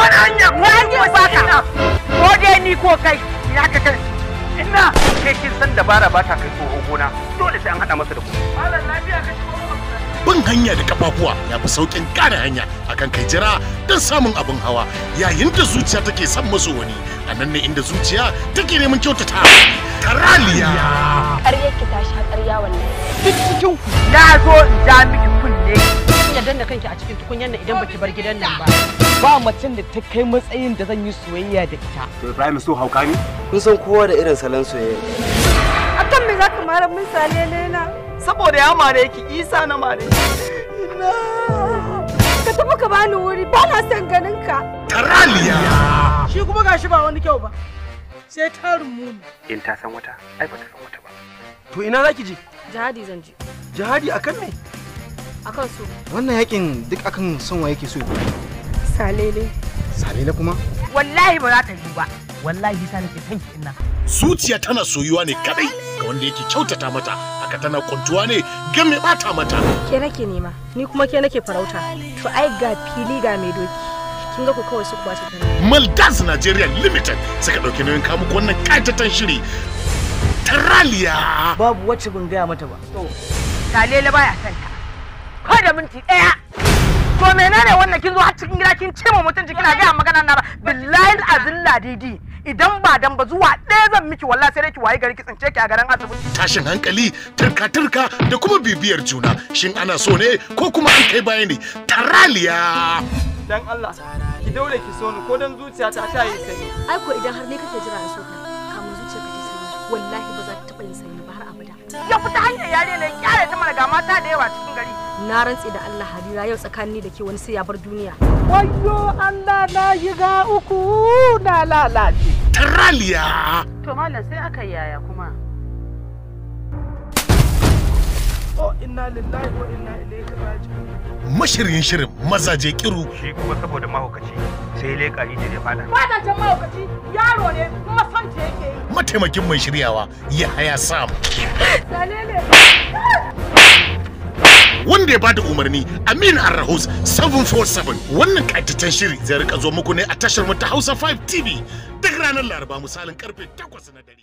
wani hanya ko ni baka ko dai ni ko kai ina ka kai ina kai kin san dabara ba ta kai tsoho gona dole sai an hada masa da ku malam lafiya ka bin hanya da kafafuwa ya fi sauƙin ƙara hanya akan kai jira don samun abin hawa yayin da zuciya take son masu wani a nan ne inda zuciya take neman kyautata karaliya ƙaryar ki ta sha ƙarya wannan duk cikin ku na zo in ja miki ya danna kanki a cikin tukunyar nan idan baki bar gidan nan ba ba macen da ta kai matsayin da zan yi soyayya da ita to Ibrahim so hauka ni kun san kowa da irin salon soyayya kan me za ka mara min sale na saboda ya mare ki Isa na mare ina ka tafi ka bani wuri ba na son ganin ka taraliya shi kuma gashi ba wani kyau ba sai tarin muni in ta san wata ai ba ta san wata ba to ina za ki je jihadi zan je jihadi kan me kan su wannan yakin duk akan son wa yake so salele salele kuma wallahi ba za ta yi ba wallahi sa nake son kin nan zuciya tana soyuwa ne kadai ga wanda yake kyautata mata haka tana kuntuwa ne ga mai bata mata ke nake nema ni kuma ke nake farauta to ai ga fili ga mai doki kin ga ku kawai su kwace ta Maldas Nigeria Limited suka ɗauki nauyin kamu wannan kaitatan shiri Taraliya babu wacce ban gaya mata ba to talele baya santa ko da minti ɗaya to menene wannan kin zo har cikin gida kin ce ma mutunci kina gaya magana na ba billahi azilla didi idan ba dan ba zuwa ɗaya zan miki wallahi sai dai ki waye gari ki tsince ki a garin asibiti tashin hankali turka turka da kuma bibiyar juna shin ana so ne ko kuma an kai baya ne taraliya dan Allah ki daure ki so ni ko dan zuciya ta ta yi sanyi ai ko idan har ne kake jira a so ka kamun zuciya ka ta sanyi wallahi ba za ta taɓa yin sanyi ba har abada ya fita hanyar yare ne kyale ta mana ga mata da yawa cikin na rantse da Allah hadira yau tsakani da ke wani sai ya bar duniya wayo Allah na shiga uku na lalace taraliya to malam sai aka yaya kuma oh inna lillahi wa inna ilaihi raji'un mashirin shirin mazaje kiru shi kuma saboda mahaukaci sai leka ije ne fada fadancin mahaukaci yaro ne kuma son ce yake mataimakin mai shiryawa ya haya sam dalele da ya bada umarni Amin Arrahus 747 wannan kaitaccen shiri zai rika zo muku ne a tashar mu ta Hausa 5 TV duk ranar Laraba misalin karfe 8 na dare